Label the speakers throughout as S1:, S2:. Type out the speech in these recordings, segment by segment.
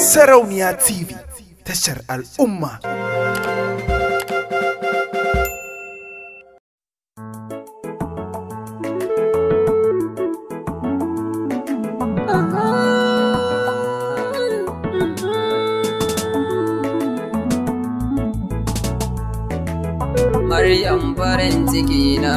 S1: Sarauniya TV tashar al'umma.
S2: Maryam farin ciki na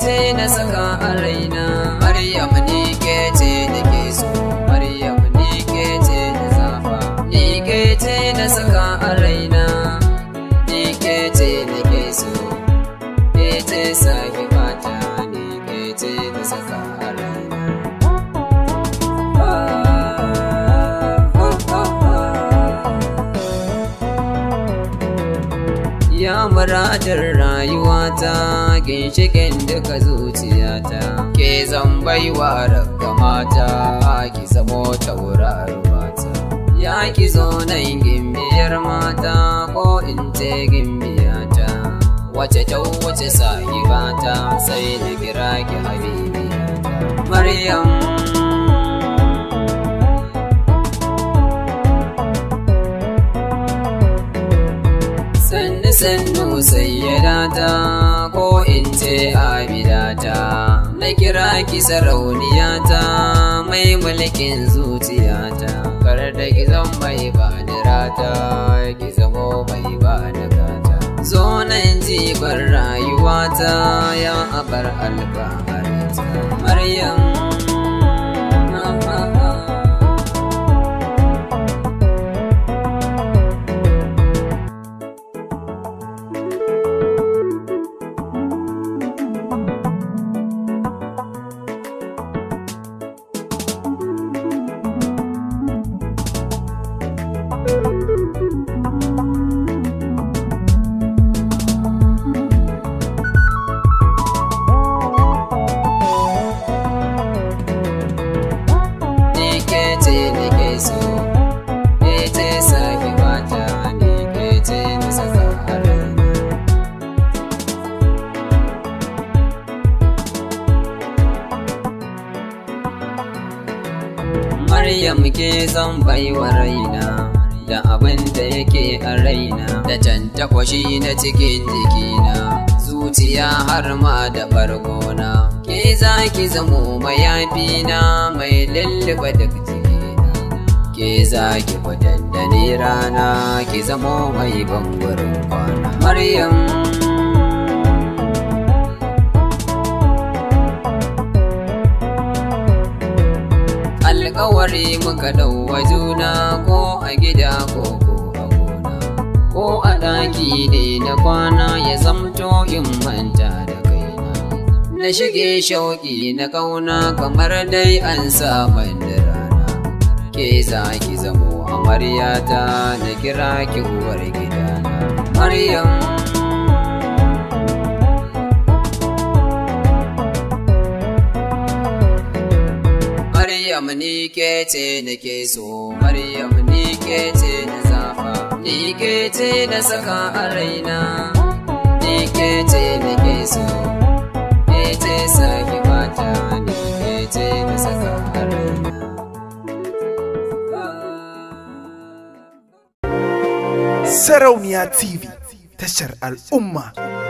S2: ce na saka a raina maryam ni ke ce da ke so maryam ni ke ce da zafa ni ke ce na saka a raina muradin rayuwata ginshikin duka zuciyata ke zan baiwa mata ki zamo wurarwata ya ki zo nan gimbiyar mata ko in ce gimbiyata wace kyau wace sahibata sai na kira ki habibiyata maryam sannu sayyadata ko in ce abidata na kira ki sarauniyata mai mulkin zuciyata kar da ki zan mai ba da rata ki zamo mai ba da gata zo nan jibar rayuwata ya abar alfaharta
S1: maryam
S2: Maryam ke son baiwa raina da abin da yake a raina da tantakwashi na cikin jikina zuciya har ma da bargona ke za ki zamo mayafina mai lulluba duk jikina ke za ki ni rana ki zamo mai bangurin kwana Maryam alkawari muka dauwa juna ko a gida ko ko a gona ko a ɗaki ne na kwana ya zamto in manta da kaina na shige shauƙi na kauna kamar dai an sa da rana ke za ki zamo amaryata na kira ki uwar gidana maryam Maryam ni ke ce ke so, Maryam ni ke ce na zafa, ni ke ce na saka a raina, ni ke ce ke so, ni ce sake mata, ni ke ce na saka a raina.
S1: Sarauniya TV, tashar al'umma.